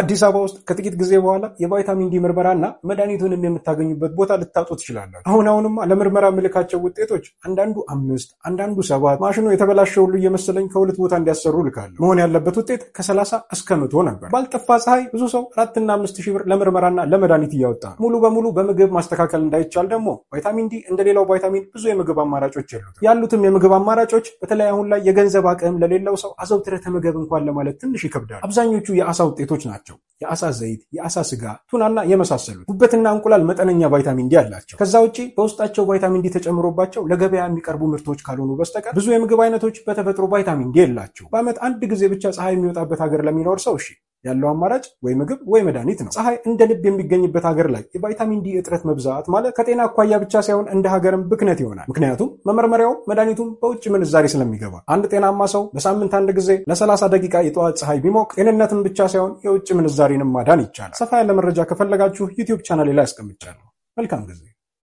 አዲስ አበባ ውስጥ ከጥቂት ጊዜ በኋላ የቫይታሚን ዲ ምርመራና መድኃኒቱንም የምታገኙበት ቦታ ልታጡ ትችላላችሁ። አሁን አሁንማ ለምርመራ ምልካቸው ውጤቶች አንዳንዱ አምስት አንዳንዱ ሰባት ማሽኑ የተበላሸ ሁሉ እየመሰለኝ ከሁለት ቦታ እንዲያሰሩ ልካለሁ። መሆን ያለበት ውጤት ከሰላሳ እስከ መቶ ነበር። ባልጠፋ ፀሐይ ብዙ ሰው አራትና አምስት ሺህ ብር ለምርመራና ለመድኃኒት እያወጣ ነው። ሙሉ በሙሉ በምግብ ማስተካከል እንዳይቻል ደግሞ ቫይታሚን ዲ እንደ ሌላው ቫይታሚን ብዙ የምግብ አማራጮች የሉትም። ያሉትም የምግብ አማራጮች በተለይ አሁን ላይ የገንዘብ አቅም ለሌለው ሰው አዘውትረህ ተመገብ እንኳን ለማለት ትንሽ ይከብዳል። አብዛኞቹ የአሳ ውጤቶች ናቸው። ናቸው። የአሳ ዘይት፣ የአሳ ስጋ፣ ቱናና የመሳሰሉት። ጉበትና እንቁላል መጠነኛ ቫይታሚን ዲ አላቸው። ከዛ ውጪ በውስጣቸው ቫይታሚን ዲ ተጨምሮባቸው ለገበያ የሚቀርቡ ምርቶች ካልሆኑ በስተቀር ብዙ የምግብ አይነቶች በተፈጥሮ ቫይታሚን ዲ የላቸው። በዓመት አንድ ጊዜ ብቻ ፀሐይ የሚወጣበት ሀገር ለሚኖር ሰው እሺ ያለው አማራጭ ወይ ምግብ ወይ መድኃኒት ነው። ፀሐይ እንደ ልብ የሚገኝበት ሀገር ላይ የቫይታሚን ዲ እጥረት መብዛት ማለት ከጤና አኳያ ብቻ ሳይሆን እንደ ሀገርም ብክነት ይሆናል። ምክንያቱም መመርመሪያው መድኃኒቱም በውጭ ምንዛሬ ስለሚገባ አንድ ጤናማ ሰው በሳምንት አንድ ጊዜ ለሰላሳ ደቂቃ የጠዋት ፀሐይ ቢሞቅ ጤንነትን ብቻ ሳይሆን የውጭ ምንዛሬንም ማዳን ይቻላል። ሰፋ ያለ መረጃ ከፈለጋችሁ ዩቲዩብ ቻናሌ ላይ አስቀምጫለሁ። መልካም ጊዜ።